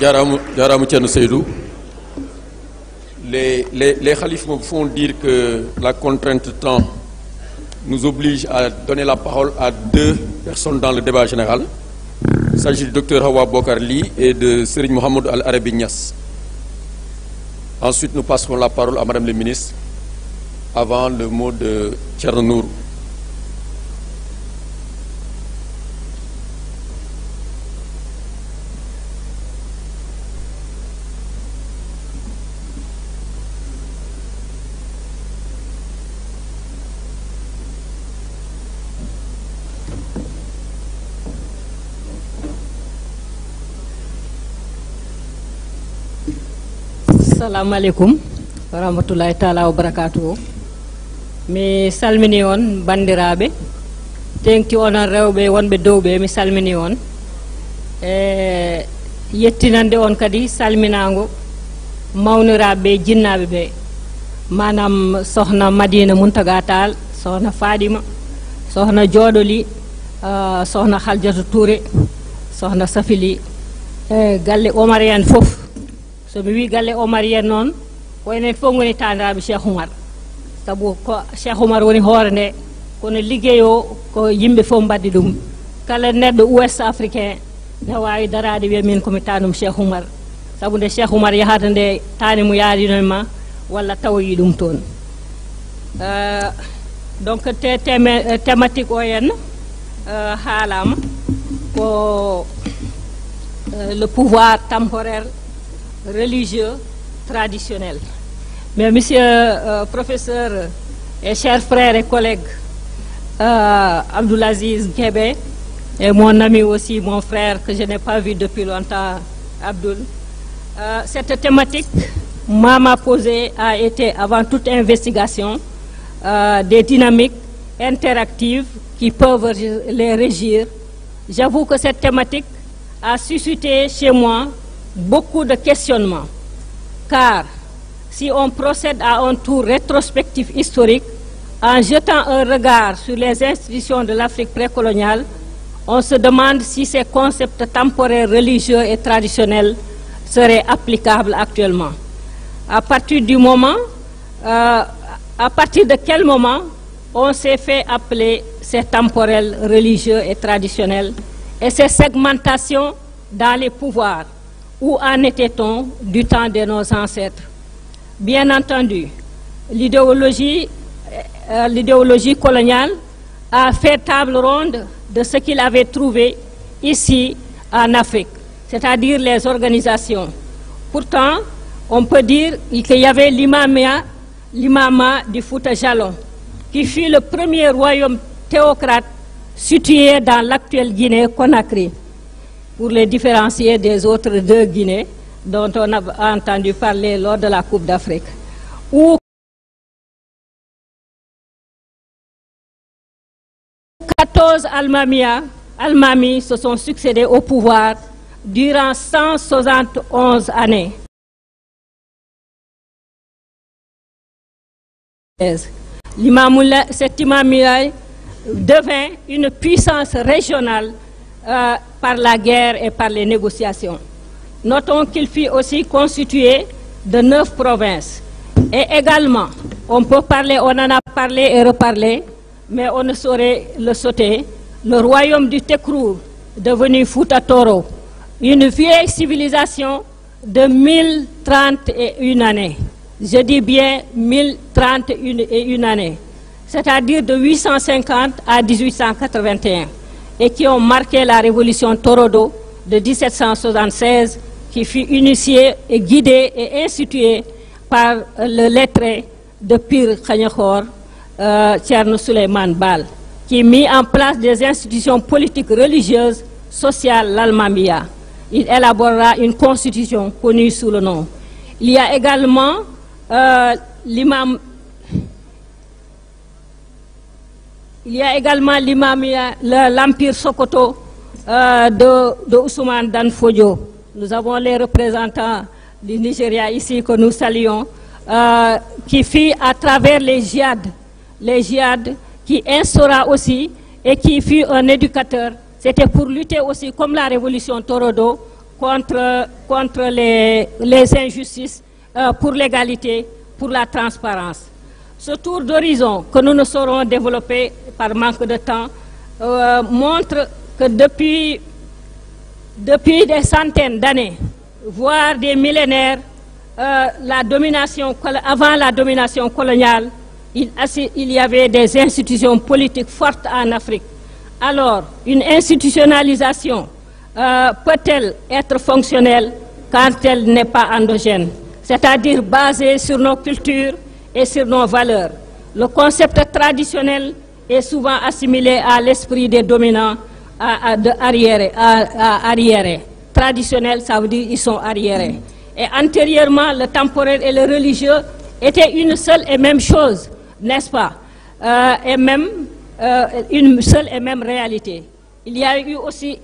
les les me font dire que la contrainte de temps nous oblige à donner la parole à deux personnes dans le débat général il s'agit du docteur Hawa Bokarli et de Sérine Mohamed Al Arabi ensuite nous passerons la parole à madame le ministre avant le mot de Thierno assalamu aleykum warahmatullahi taala wa barakatu o mi salmini on bandiraɓe tengti onon rewɓe wonɓe dowɓe mi salmini on e yettinande on kadi salminago mawniraɓeɓe jinnaɓe ɓe manam sohna madina muntaga tal sohna faɗima sohna joɗoli uh, sohna haldiata touré sohna safili e galle omar en foof somi wi galle omar yen noon wayne fongoni tandiraɓe cheikh oumar saabu ko cheikh oumar woni hoore nde kono liggey o ko yimɓe fof mbaɗde ɗum kala neɗɗo ouest africain ne wawi darade wiya min komi tanum cheikh oumar saabu nde cheikh oumar yahata nde tani mo yarinoema walla tawoyi ɗum toon uh, donc te teme thématique o henna haalama ko uh, le pouvoir tamporaire religieux traditionnel. Mais monsieur, professeurs professeur et chers frères et collègues, euh, Abdoulaziz et mon ami aussi, mon frère que je n'ai pas vu depuis longtemps, Abdoul, euh, cette thématique m'a posé a été avant toute investigation euh, des dynamiques interactives qui peuvent les régir. J'avoue que cette thématique a suscité chez moi beaucoup de questionnements, car si on procède à un tour rétrospectif historique, en jetant un regard sur les institutions de l'Afrique précoloniale, on se demande si ces concepts temporels, religieux et traditionnels seraient applicables actuellement. À partir du moment, euh, à partir de quel moment on s'est fait appeler ces temporels religieux et traditionnels et ces segmentations dans les pouvoirs où en était-on du temps de nos ancêtres Bien entendu, euh, l'idéologie coloniale a fait table ronde de ce qu'il avait trouvé ici en Afrique, c'est-à-dire les organisations. Pourtant, on peut dire qu'il y avait l'imama du Fouta Jalon, qui fut le premier royaume théocrate situé dans l'actuelle Guinée-Conakry pour les différencier des autres deux Guinées dont on a entendu parler lors de la Coupe d'Afrique. Où 14 Almamia, Almami se sont succédés au pouvoir durant 171 années. Cet imam devint une puissance régionale euh, par la guerre et par les négociations. Notons qu'il fut aussi constitué de neuf provinces. Et également, on peut parler, on en a parlé et reparlé, mais on ne saurait le sauter. Le royaume du Tekrou devenu Futa Toro, une vieille civilisation de 1031 années. Je dis bien 1031 années, c'est-à-dire de 850 à 1881 et qui ont marqué la révolution Torodo de 1776 qui fut initiée et guidée et instituée par le lettré de Pir Khanyakhor, euh, Bal, qui mit en place des institutions politiques religieuses, sociales, l'Almamia. Il élaborera une constitution connue sous le nom. Il y a également euh, l'imam Il y a également l'imamia, l'Empire Sokoto euh, de, de Ousmane Nous avons les représentants du Nigeria ici que nous saluons, euh, qui fit à travers les djihad, les djihad qui instaura aussi et qui fut un éducateur. C'était pour lutter aussi, comme la révolution Torodo, contre, contre les, les injustices, euh, pour l'égalité, pour la transparence. Ce tour d'horizon que nous ne saurons développer par manque de temps, euh, montre que depuis, des centaines d'années, voire des millénaires, euh, avant la domination coloniale, il, il y avait des institutions politiques fortes en Afrique. Alors, une institutionnalisation euh, peut-elle être fonctionnelle quand elle n'est pas endogène, c'est-à-dire basée sur nos cultures et sur nos valeurs Le concept traditionnel est souvent assimilé à l'esprit des dominants à, arriérés, à, Traditionnels, ça veut dire ils sont arriérés. Et antérieurement, le temporel et le religieux étaient une seule et même chose, n'est-ce pas euh, Et même euh, une seule et même réalité. Il y a eu aussi,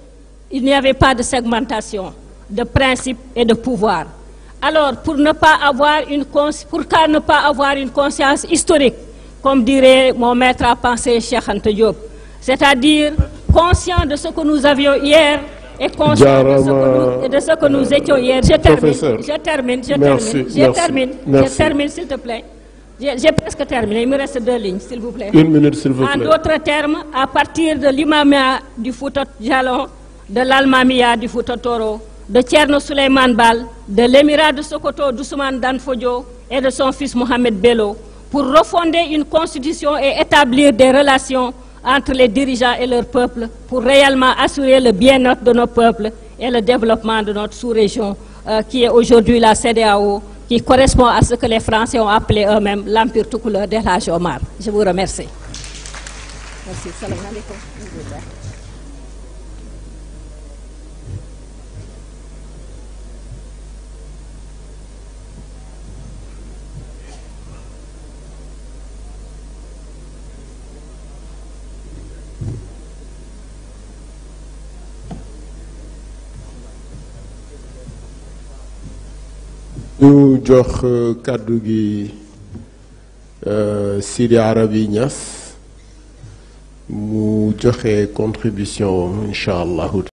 il n'y avait pas de segmentation de principes et de pouvoir. Alors, pour ne pas avoir une, pourquoi ne pas avoir une conscience historique comme dirait mon maître à penser Cheikh Ante Diop. C'est-à-dire conscient de ce que nous avions hier et conscient de ce, que nous, euh, étions hier. Je termine, je termine, je termine, je termine, s'il te plaît. J'ai presque terminé, il me reste deux lignes, s'il vous plaît. Une minute, s'il vous plaît. En d'autres termes, à partir de l'imamia du Foutot Jalon, de l'Almamia du Foutot Toro, de Tcherno Suleiman Bal, de l'émirat de Sokoto d'Ousmane Danfodjo, et de son fils Mohamed Bello, pour refonder une constitution et établir des relations entre les dirigeants et leur peuple pour réellement assurer le bien-être de nos peuples et le développement de notre sous-région euh, qui est aujourd'hui la CDAO, qui correspond à ce que les Français ont appelé eux-mêmes l'empire tout couleur de la Omar. Je vous remercie. ñu jox euh, kàddu gi euh, Sidi Arabi Niass mu joxe contribution incha allahu